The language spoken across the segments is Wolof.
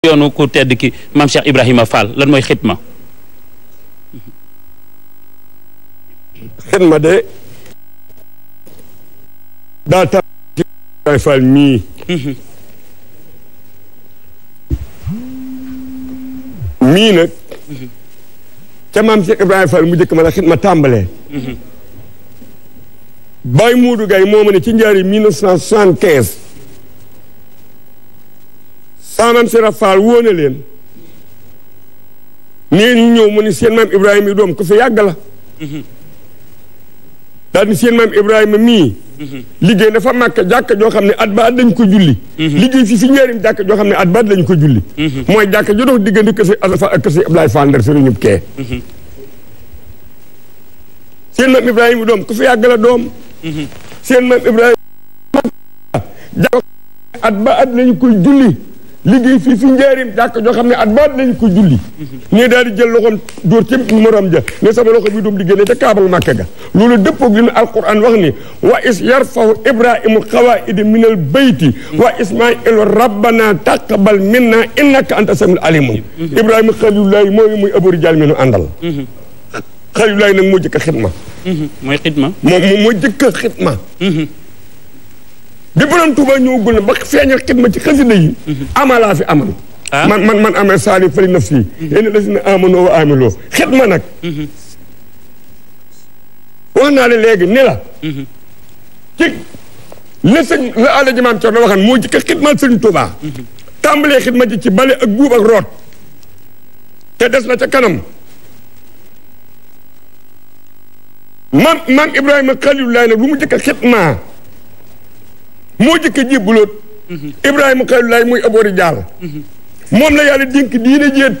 yoonu ku tedd ki maam Cheikh Ibrahima Fall lan mooy xitma xitma de daa tax mii mii nag ca maam Cheikh Ibrahima Fall mu jëkk ma la xitma tàmbalee Baye Moudou Gaye moo ma ne ci njaari mille sama maam Serap Fall woo na leen nee ñu ñëw mu ni seen maam Ibrahima yi doom ku fi yàgg la daal ni seen maam Ibrahima mii liggéey na fa màkk jàkk joo xam ne at ba at dañ ko julli liggéey fi fi ñeerim jàkk joo xam ne at ba at dañ ko julli mooy jàkk jo dox diggante kër si Alfa ak kër si Ablaye Fall Ndar sëriñub kee seen maam Ibrahima doom ku fi yàgg la doom seen maam Ibrahima jàkk at ba at lañu koy julli liggéey fii fi njaarim jàkk joo xam ne at baat nañ ko julli ne daal di jël loxoom dóor ci morom ja ne sama loxo bi doom di génne ca kaabal màkka ga loolu dëppoog li nu alquran wax ni wa is yarfahu ibrahimu xawaida min al bayti wa ismailu rabbana taqabal minna innaka anta samil alimu ibrahima xalilullahi mooy muy abori jal mi nu àndal xalilullahi nag moo jëkk a xitma moo moo jëkk a bi borom Touba ñëwagul ba feeñal xidma ci xasida yi. amalaa fi amal. Ah? man man man amee saali fali naf si. Mm-hmm. yéen a des na amanoo wa amiloo xidma nag. Mm-hmm. wax naa la léegi ni la. Mm-hmm. ci la sëñ la Alaaji Maam Cerno waxan moo jëkk xidmal sëñ Touba. tàmbalee xidma ji ci bale ak guub ak root. te des na ca kanam. maam maam Ibrahima Xalilullaah nag lu mu jëkk xidma moo jëkk jébbaloot mm-hmm. Ibrahima Xaylulaay muy aboori jaal mm-hmm. moom la yàlla dénk diine jéet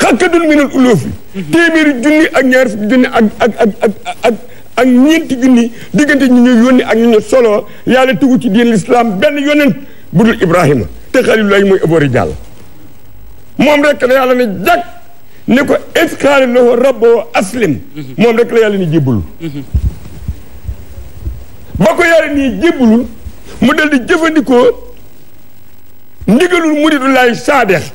xakkadun minal uloofi mm-hmm. téeméeri junni ak ñaar fukki junni ak ak ak ak junni diggante ñu ñu yónni ak ñu ñu solo yàlla tugu ci diin lislaam benn yonent bu dul Ibrahima te Xaylulaay muy aboori jaal moom rek la yàlla ne jàkk ne ko isxaari lahu rabboo aslim moom rek la yàlla ne jébbalu ba ko yore nii jébbalul mu dal di jëfandikoo ndigalul muridulaay saadeex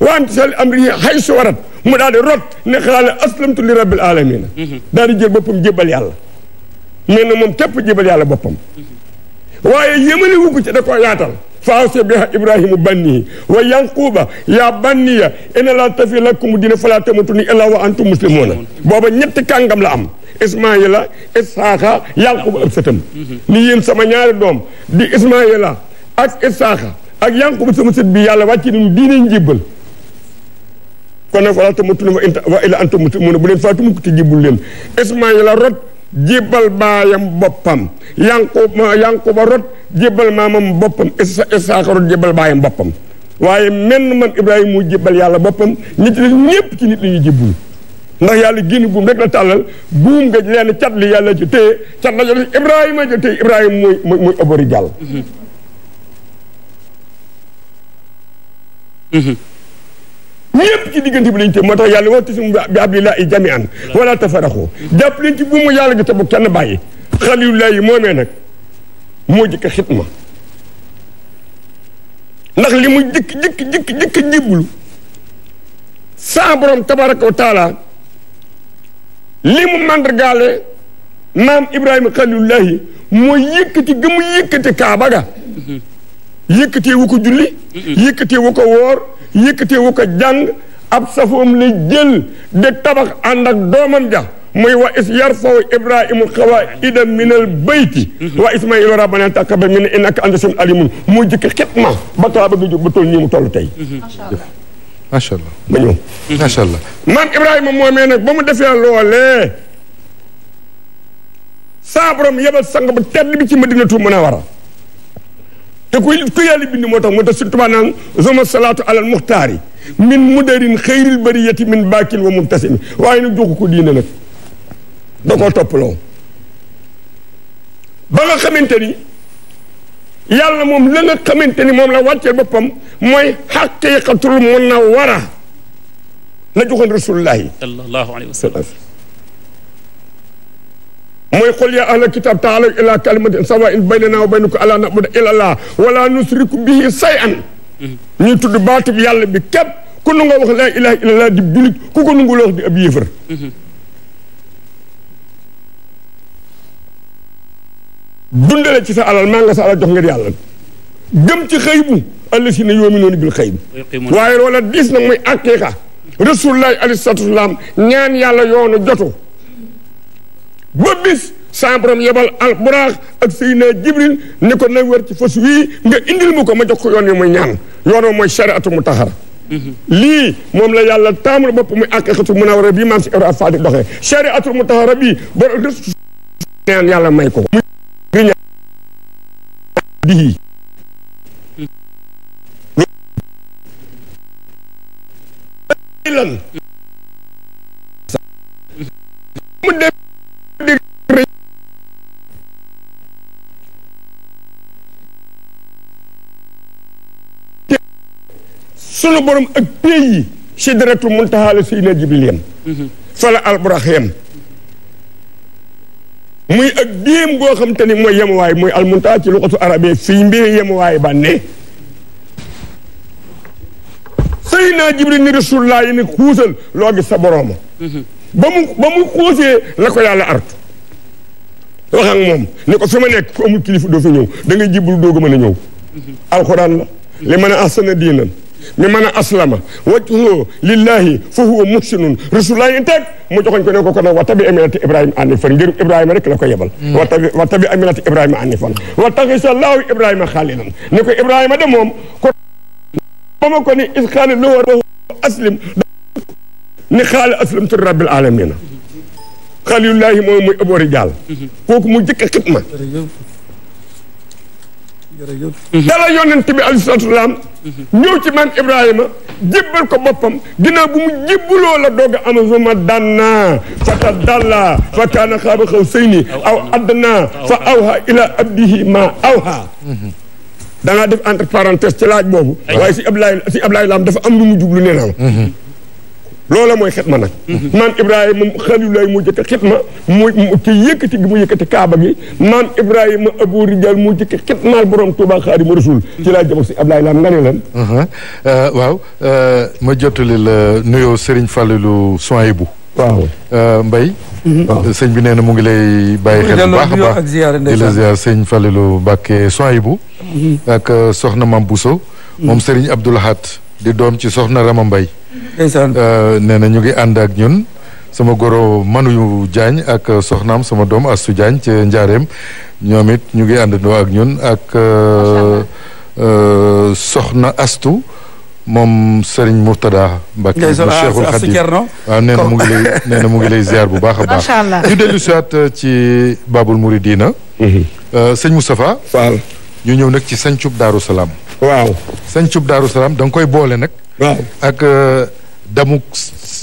wante sal am ri xay su warat mu daal di rot ne xalaala aslamtu li rabbil alamina mhm. daal di jël boppam jébal yàlla mais na moom képp jébal yàlla boppam mhm. waaye yëmale wu ko ci da koo yaatal faawse biha ibrahimu bannihi wa yanquba yaa banniya ina la tafi lakum dina fala tamatuni illa wa antum muslimuna booba ñetti kàngam la am Ismaayila Isaaxa Yankuba ab sëtam ni yéen sama ñaari doom di Ismaayila ak Isaaxa ak Yankuba sama sët bi yàlla wàcc nañu diine njibbal kon nag wala tamutunna wa inta wa illa antum muslimuun bu leen faatu mukk te jibbul leen Ismaayila rot jibbal baayam boppam Yankuba Yankuba rot jibbal maamam boppam Isaaxa rot jibbal baayam boppam waaye menn man Ibrahima mu jibbal yàlla boppam nit ñi ci nit la ñuy jibbul ndax yàlla génn buum rek la tàllal buum nga leen cat li yàlla ci téye cat la jël Ibrahima ja téye Ibrahima mooy mooy mooy abori jàll ñëpp ci diggante bi lañ te moo tax yàlla waxtu si bi abdillahi jami an wala tafaraxu jàpp leen ci buumu yàlla gi te bu kenn bàyyi xalilullahi moomee nag moo jëkk xitma ndax li mu jëkk jëkk jëkk jëkk jiblu saa borom wa taala li mu mandargaale maam Ibrahima xalilullahi mooy yëkkati ga mu yëkkati kaaba ga yëkkatee wu ko julli yëkkatee wu ko woor yëkkatee wu ko jàng ab safoom la jël de tabax ànd ak doomam ja mooy wa is yarfaw ibrahimul xawaida min al bayti wa ismaila rabbana taqabbal minna innaka anta samiul alimun moo jëkk xitma ba taa ba nga jóg ba toll nii mu toll tey macha allah ba maam Ibrahima moomee nag ba mu defee loolee saa borom yebal sang bu tedd bi ci Madinatu Munawwara te ku ku yàlla bind moo tax moo tax suñu tubaab naan zoma salaatu alal muxtaar min mudarin xayril bariyati min baakil wa mubtasim waaye nag joxu ko diine nag da koo toppaloo ba nga xamante yàlla moom la nga xamante ni moom la wàcceel boppam mooy xaqiqatul munawwara la joxoon rasulullahi sallallahu alayhi wa sallam mooy qul yaa ahlal kitaab taalaw ilaa kalimatin sawaa'in baynanaa wa baynakum allaa na'buda illaa llaah wa laa nushriku bihi shay'an mm-hmm. ñuy tudd baatub yàlla bi képp ku nu nga wax laa ilaaha illallaah di bulit ku ko nungu la wax di ab yéefar mm-hmm. dundale ci sa alal maa nga sa alal jox ngir yàlla gëm ci xëy bu àll si ne yoomi noonu bil xëy bu waaye loola diis nag mooy aqiqa rasulullahi alayhi salaatu wasalaam ñaan yàlla yoonu jotu ba bis sa borom yebal al buraax ak Seydina Jibril ne ko na wër ci fas wii nga indil mu ko ma jox ko yoon wi mooy ñaan yoonoo mooy shariatu mu taxara mm-hmm. lii moom la yàlla taamul bopp muy aqiqatu munawara bii maam si Ibra Faati doxee shariatu mu taxara bii ba ñaan yàlla may dihi sunu borom ak pays yi si deretul muntahaale si ila jibril yam mhm. fala alburax muy ak déem goo xam te ni mooy yemuwaay mooy almunta ci luxatu arabe fii mbiri yemuwaay ba ne sëy naa jibril ni rasulullah yi ni xuusal loo gis sa borooma ba mu ba mu xuusee la ko yàlla artu wax moom ni ko fi ma nekk ku amul kilifa doo fi ñëw da ngay jibul doogu mën a ñëw alxuraan la li mën a ahsana diinan mi man a aslama wajhu lillahi fa huwa muhsinun rasulullahi teg mu joxoñ ko ne ko kon wa tabi aminati ibrahima anifan ngir ibrahima rek la ko yebal watabi wa tabi aminati ibrahima anifan wa taxisa laahu ibrahima xaalilan ne ko ibrahima de moom ko ba ma ko ni is xaali lowoo wa aslim ni xaali aslamtu rabbil alamina xalilullahi moom muy abori jàll kooku mu jëkk a xitma yàlla yonent bi alayhi salaatu salaam ñëw ci maam Ibrahima jébbal ko boppam ginnaaw bu mu jébbaloo la doog a am suma danna fa tadalla fa kaana xaaba xaw sayni aw adna fa awha ila abdihi ma awha dangaa def entre parenthèse ci laaj boobu waaye si Ablaye si Ablaye Lam dafa am lu mu jublu loola mooy xitma nag maam ibrahima xalilulaay moo jëkk xitma mu ci yëkkati gi mu yëkkati kaaba gi maam ibrahima abou rijal moo jëkk xitmaal borom tuuba xaadimu rasul ci laa jëm si ablaay laam nga ne lan euh, waaw euh, ma jottali la nuyoo sëriñ fàllilu Souhaïbou waaw euh, Mbaye sëñ bi nee na mu ngi lay bàyyi xel bu baax a baax di la ziar sëñ fàllilu Mbàkke Souhaïbou mhm. ak soxna mam Bousso moom mhm. sëriñ Abdoul Ahad di doom ci soxna Rama Mbaye Euh, nee na ñu ngi ànd ak ñun sama goro Manuyu Diagne ak soxnaam sama doom astu Diagne ca Njaareem ñoom it ñu ngi àndandoo ak ñun ak euh, euh, soxna Astou moom Serigne Mourtada Mbacke mu ah, Cheikhul Khadim waaw ah, nee na mu ngi lay nee na mu ngi lay ziar bu baax a baax ñu dellu siwaat ci Babul Mouridina mhm. sëñ Moustapha Fall ñu ñëw nag ci sancub Daaru Salaam waaw sancub Daaru Salaam danga koy boole nag waaw ak euh, damuk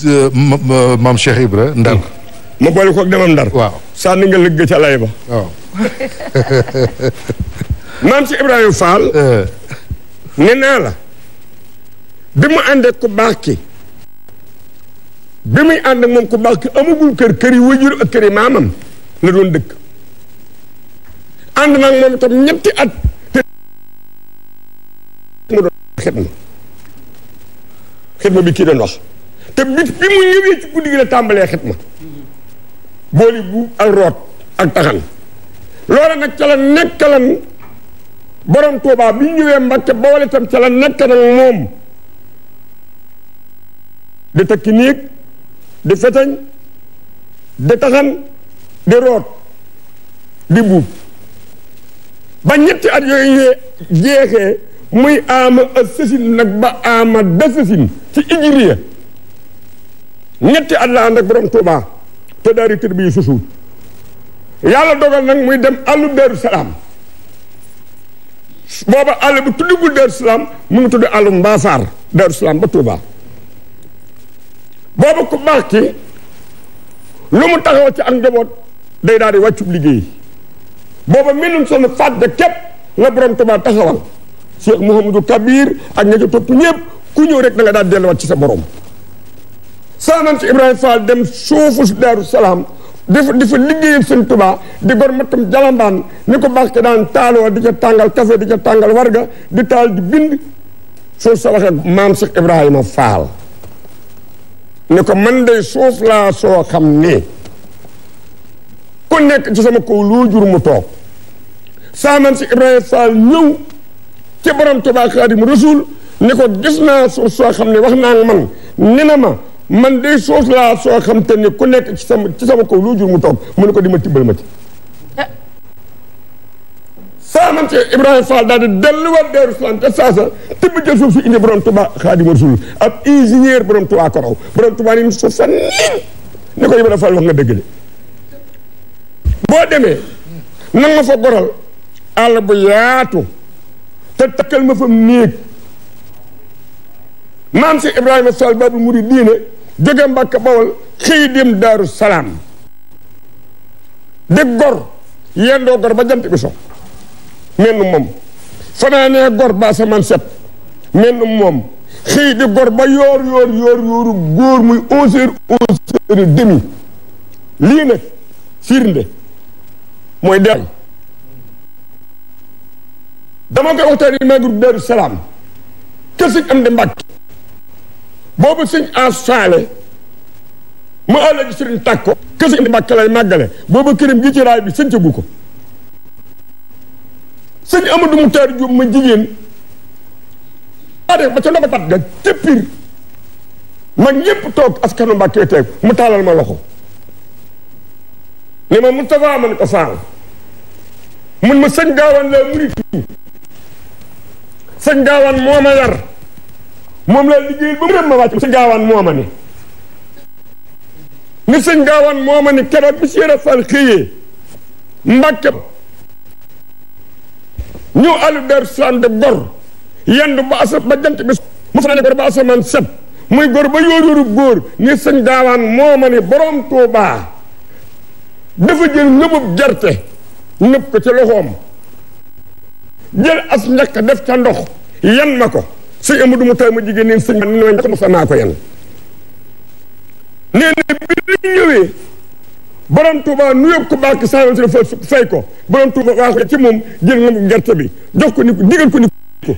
euh, euh, maam Cheikh Ibra Ndar. Hmm. ma boole demam Ndar. waaw sànni nga lëgg ca lay ba. waaw. maam Cheikh Ibrahima Fall. nee naa la. bi mu àndee ku bi muy ànd ak moom ku baax kër kër yi wajur ak kër yi maamam la doon dëkk ànd naag moom itam ñetti at te xitma bi kii da ndos te bi mu ñëwee ci guddi gi la tàmbalee xitma booli bu ak root ak taxan loola nag ca la nekkalan borom Tuubaa bi ñëwee Mbàkke Bawol itam ca la nekkalan moom di takki di fetañ di taxan di root di buub ba ñetti at yooyu jeexee muy aama assasin nag ba aama dasasin ci ijiriya ñetti at la ànd ak borom Touba te daari tër bi susuut yàlla dogal nag muy dem àllu Daaru booba àll bu tuddugul Daaru Salaam mu ngi tudd àllu Mbaasaar Daaru Salaam ba Touba booba ku baax ki lu mu taxaw ci ak njaboot day daal di wàccub liggéey booba mille neuf cent fàtte képp la borom Touba taxawal Cheikh Mouhamadou Kabir ak ña ca topp ñëpp ku ñëw rek da nga delluwaat ci sa borom saanam ci Ibrahima Fall dem suufu Daaru Salaam dafa dafa liggéeyal seen di gor jalambaan ni ko baax ke daan taaloo di ca tàngal café di ca tàngal warga di taal di bind soo sa waxee maam Cheikh Ibrahima Fall ne ko man day suuf laa soo xam ne ku nekk ci sama kaw loo jur mu toog saanam ci Ibrahima Fall ñëw ca borom Tuubaa Xaadimu Rasuul ne ko naa suuf soo xam ne wax naa man ne na ma man day suuf laa ku nekk ci sama ci sama kaw lu mu ko ma tibbal ma ci eh. saaman ci Ibrahima Fall daal di delluwaat Daaru Salaam te saasa tibb jël suuf si indi borom Tuubaa Xaadimu Rasuul wax nga dëgg de boo demee nanga ma fa goral te takkal ma fam néeg maam si Ibrahima Sall Babul Muridiina jóge Mbàkke Bawol xëy dem Daaru di gor yendoo gor ba jant bi so menn moom fanaanee gor ba asamaan set menn moom xëy di gor ba yoor yoor yoor yooru góor muy onze heures demi lii nag firnde mooy del dama koy waxtaan yi may groupe kër sëñ am di Mbàkke boobu sëñ ensaale mu àlla ji sëriñ tàkk ko kër sëñ am di Mbàkke lay màggale boobu këram gi ci raay bi sëñcagu ko sëñ Amadou Moutar Diop ma jigéen ba ca ndabatat ga ca pir mag ñëpp toog askanu Mbàkke teeg mu taalal ma loxo ni ma Moustapha man ko saal mun ma sëñ gaawaan la murit sëñ gaawaan moo ma yar moom laa liggéeyal ba mu rëm ma wàcc sëñ gaawaan moo ma ni ni sëñ gaawaan moo ma ni keroog bi Cheikh Fall xëyee mbàkke ñu alu der sande gor yendu ba asa ba jant gor ba asamaan set góor ni sëñ gaawaan moo ma ni borom Tuubaa dafa jël nëbub gerte nëb ko ci loxoom jël as ñàkk def ca ndox yan ma ko sëñ Amadou mu ma jigéen neen sëñ man ne ko mosa nu ko bàkk saal si fa ko borom Touba waaxo ci bi jox ko ni ko digal ko ni ko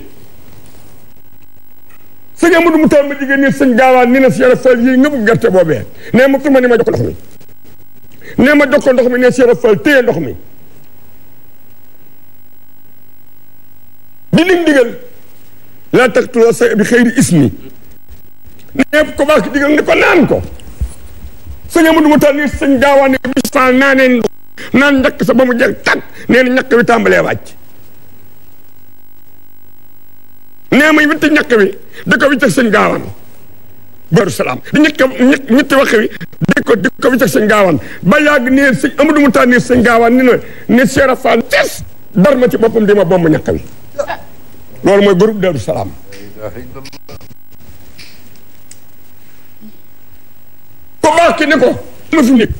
sëñ Amadou mu tay ma jigéen neen sëñ gaawaan ni na si yàlla fal yi ngëbu gerte boobee nee ma tuma ni ma jox ndox mi nee ne si yàlla fal téye ndox mi di lim digal laa taqtuloo say bi xëyri ismi ñëpp ko baax ki ni ko naan ko sëñ Amadou mu tànn sëñ gaawaane bis naa naaneen naan ñàkk sa ba mu jeg tag ñàkk wi tàmbalee wàcc nee may witti ñàkk wi da ko wicceeg sëñ gaawaan di ñàkk ñetti wax wi di ko sëñ gaawaan ba yàgg nee sëñ tànn sëñ gaawaan ni ne ne seera Fall tes dar ma ci boppam di ma bomb ñàkk wi loolu mooy bërëb Daaru Salaam ko baax ki ne ko ma fi nekk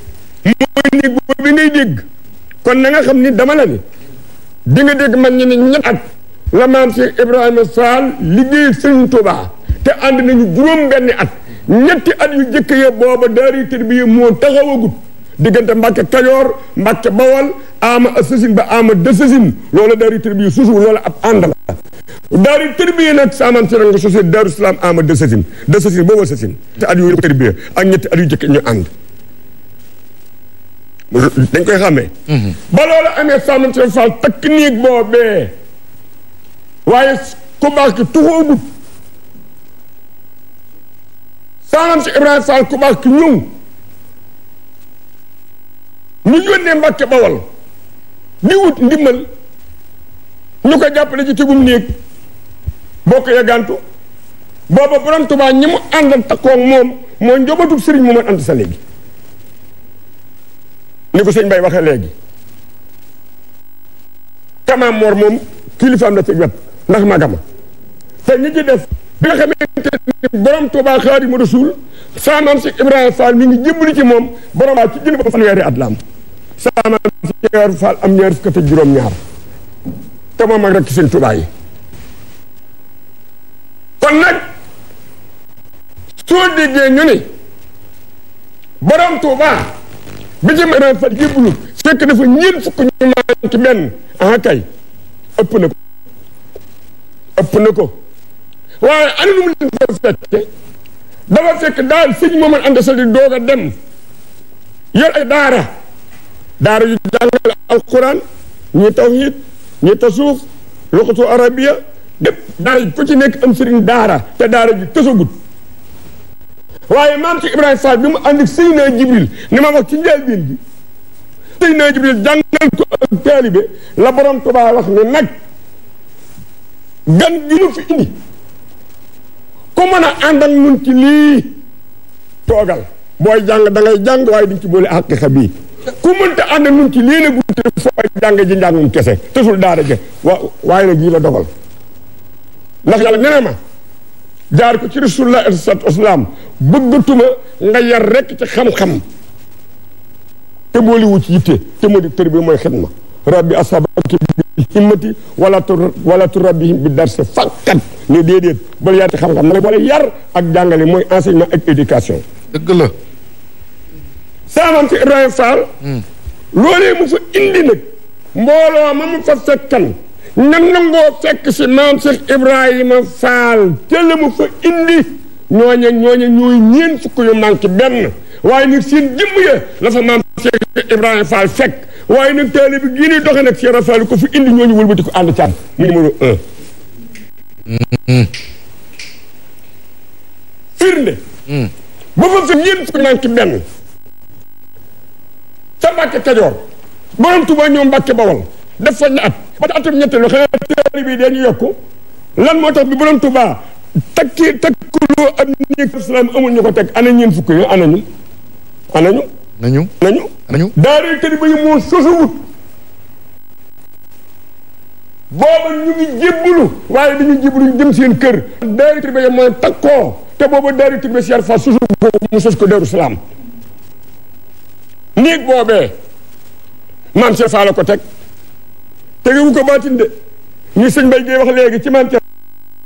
mooy néeg boobu bi ngay dégg kon na nga xam ni dama la ne di nga dégg man ñu ne ñett at la maam Cheikh Ibrahima Sall liggéey Sëriñ Tuubaa te ànd nañu juróom benni at ñetti at yu jëkk ya booba daari tarbiya moo taxawagut diggante Mbàkke Kajoor Mbàkke Bawol ama assasin ba ama desasin loolu daaru tarbiya toujours loolu ab ànd la daaru tarbiya nag saaman si nga sosé daaru salaam ama desasin boobu asasin te yu ko tarbiya ak ñetti at yu jëkk ñu ànd dañ koy xàmmee mhm. ba loolu amee saaman si fall takk niig boobee waaye ku baax ki tuxoogut saaman si Ibrahima Fall ku baax ki ñëw nu yónnee Mbàkke Bawol di wut ndimmal ñu ko jàppale ci tegum néeg bokk ya gàntu booba borom Tuubaa ñi mu àndal takkoog moom moo njobatub sëriñ mu mën ko sëñ Bay waxee léegi kamaam moor moom kilifaam la ci wet ndax magama te ñi ci def bi nga xamante ni borom Tuubaa Xaadimu Rasuul saamam si Ibrahima Fall mi ngi jébbalu ci moom borom waa ci jënd ba fanweeri at la sama maam ma ñaar faal am juróom-ñaar te moom ak rek seen tubaay kon soo déggee ñu ni borom Tuubaa bi ci maanaam fa jébbalu fekk dafa ñeent fukk ñu maan ci benn ah kay ëpp na ko ëpp na ko waaye ana nu mu leen fa fekke dafa fekk daal sëñ mooman ànd sa di doog dem yor ay daara daara yu jàngale alquran ñi tawhid ñi tasuuf luqatu arabiya daara ji ku ci nekk am sëriñ daara te daara ji tësagut waaye maam ci Ibrahima Fall bi mu ànd ak Seydina Jibril ni ma wax ci njëlbéen bi Seydina Jibril jàngal ko ak taalibe la borom wax ne nag gan gi ñu fi indi ku mën a ànd mun ci lii toogal booy jàng dangay jàng waaye duñ ci boole àq xa bii ku mënta ànd nun ci léen bu gunte fooy jàng ji njàngum kese tësul daara ja wa waaye na yii la dogal ndax yàlla nee na ma jaar ko ci rasulullah sallallahu alayhi wasallam tuma nga yar rek ci xam-xam te booliwu ci yitte te moo di bi mooy xidma rabbi asabaki bi himmati wala tu wala tu bi darse fakkat ne déedéet bala yar ci xam-xam na boole yar ak jàngale mooy enseignement ak éducation dëgg taamam si Ibrahima Fall mm. loolee mu fa indi nag mbooloo ma mu fa fekkan nam nangoo fekk si maam Cheikh Ibrahima Fall te la mu fa indi ñooña ñooña ñooy ñeen fukk yu manqué benn waaye nag seen jëmm ya la fa maam Cheikh Ibrahima Fall fekk waaye nag taali gii nuy doxe nag Cheikh Rafal ko fi indi ñooñu wëlbati ko ànd càmm mu mm. mm. ba fa fekk ñeen fukk yu benn ca Mbàkke Kajoor borom Tuuba ñoom Mbàkke Bawol def fañ la at ba atam ñetteelu dañu yokku lan moo tax bi borom Tuuba takki takkuloo am néeg salaam amul ñu ko teg ana ñeen fukk yi anañu anañu nañu nañu nañu daaree tëri ba yi moo sosuwut booba ñu ngi jébbulu waaye dañu jébbulu ñu dem seen kër daaree tëri ba yi mooy takkoo te booba daaree tëri ba siyaar fa sosu ko mu sos ko Daaru Salaam néeg boobee maam Cheikh Fall la ko teg tegewu ko baatin de ñu sëñ Mbaye Guèye wax léegi ci maam Cheikh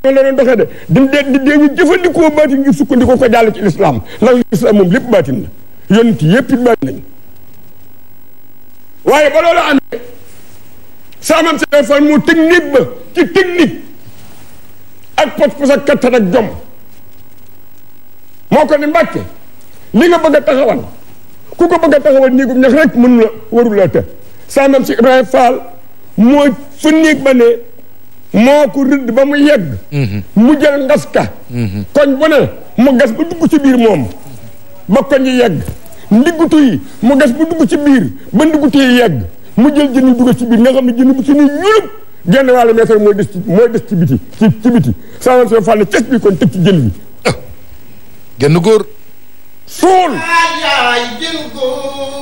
noonu la doon doxee de ñu jëfandikoo baatin ngir sukkandikoo ko jàll ci lislaam ndax lislaam moom lépp baatin la yonent yépp it baatin lañ waaye ba loolu amee saa maam Cheikh Fall moo technique ba ci technique ak pas-pas ak kattan ak jom moo ko ni mbàkke li nga bëgg a taxawal ku ko bëgg a taxawal néegum ñax rek mënu la waru la te saa si Ibrahima Fall mooy fa néeg ba ne moo ko rëdd ba mu yegg mm-hmm. mu jël ngas ka mm-hmm. koñ bu ne mu gas ba dugg ci biir moom ba koñ yi yegg ndiggutu yi mu gas ba dugg ci biir ba ndiggutu yi yegg mu jël jën yi dugg ci biir nga xam ne jën bu ci ni yulub genn wàllu meetar mooy des ci mooy des ci biti ci ci biti saa maam si Fall ces bi kon teg ci jën bi genn góor suul